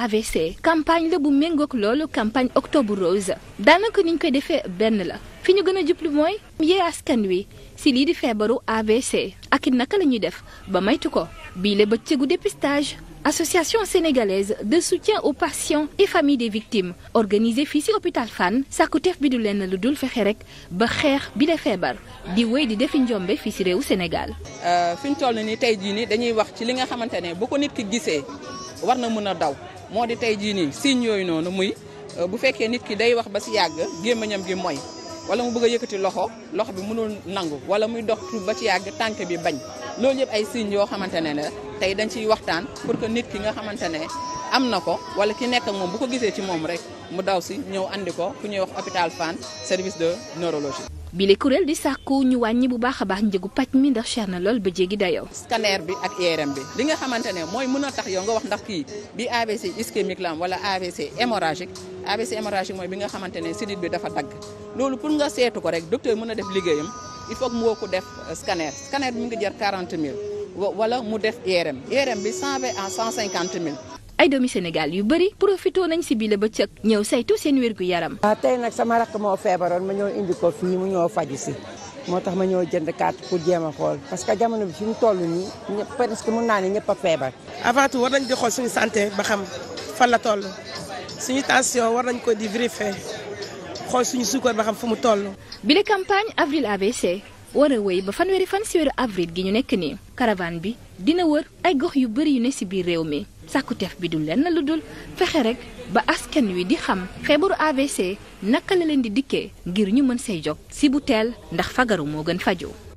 AVC campagne la bu méngoog loolu campagne octobre daanaka niñ koy defee benn la fi ñu gën a jublu mooy yee askan wi si lii di feebaru AVC ak it naka la ñuy def ba maytu ko bii la bëccëgu dépistage association sénégalaise de soutien aux patients et familles des victimes organisé fii ci hôpital Fann sàkkuteef bi du lenn lu dul fexe rek ba xeex bi la feebar di wéy di defi njombe fii ci réewu Sénégal. Euh, fi ñu toll nii tey jii nii dañuy wax ci li nga xamante ne bu ko nit ki gisee war na mën a daw moo di tey jii nii signes yooyu noonu muy euh, bu fekkee nit ki day wax ba si yàgg gémmiñam gi mooy wala mu bëgg a yëkkati loxo loxo bi mënul nangu wala muy dox tu ba ci yàgg tànk bi bañ loolu yëpp ay signes yoo xamante ne ne tey dañ ciy waxtaan pour que nit ki nga xamante ne am na ko wala ki nekk moom bu ko gisee ci moom rek mu daw si ñëw indi ko ku ñuy wax hôpital Fann service de neurologie bile kuréel di sàkku ñu wàññi bu baax a baax njëgu paj mi ndax cher na lool ba jéggi dayoo. scanner bi ak IRM bi li nga xamante ne mooy mën a tax yow nga wax ndax kii bi AVC ischémique la am wala AVC hémorragique AVC hémorragique mooy bi nga xamante ne sidit bi dafa dagg loolu pour nga seetu ko rek docteur mën a def liggéeyam il faut que ko def euh, scanner scanner bi mu ngi jar mille 000 wala mu def IRM IRM bi 120 à 150 000. ay doomi Sénégal yu bëri profitoo nañ si bile bëccëg ñëw saytu seen wérgu yaram. waaw ah, tey nag sama rakk moo feebaroon ma ñëw indi ko fii mu ñëw faju si moo tax ma ñëw jënd carte pour jéem a xool parce que jamono bi fi mu toll nii ñëpp presque mun naa ne ñëpp a feebar. avant tout war nañ di xool suñu santé ba xam fan la toll suñu tension war nañ ko di vérifier xool suñu suukar ba xam fu mu toll. bile campagne avril AVC. war a ba fanweeri fan si weeru avril gi ñu nekk nii caravane bi dina wër ay gox yu bëri yu ne si biir réew mi sàkkuteef bi du lenn lu dul fexe rek ba asken wi di xam feebaru AVC naka la leen di dikkee ngir ñu mën say jog si bu teel ndax fagaru moo gën fajoo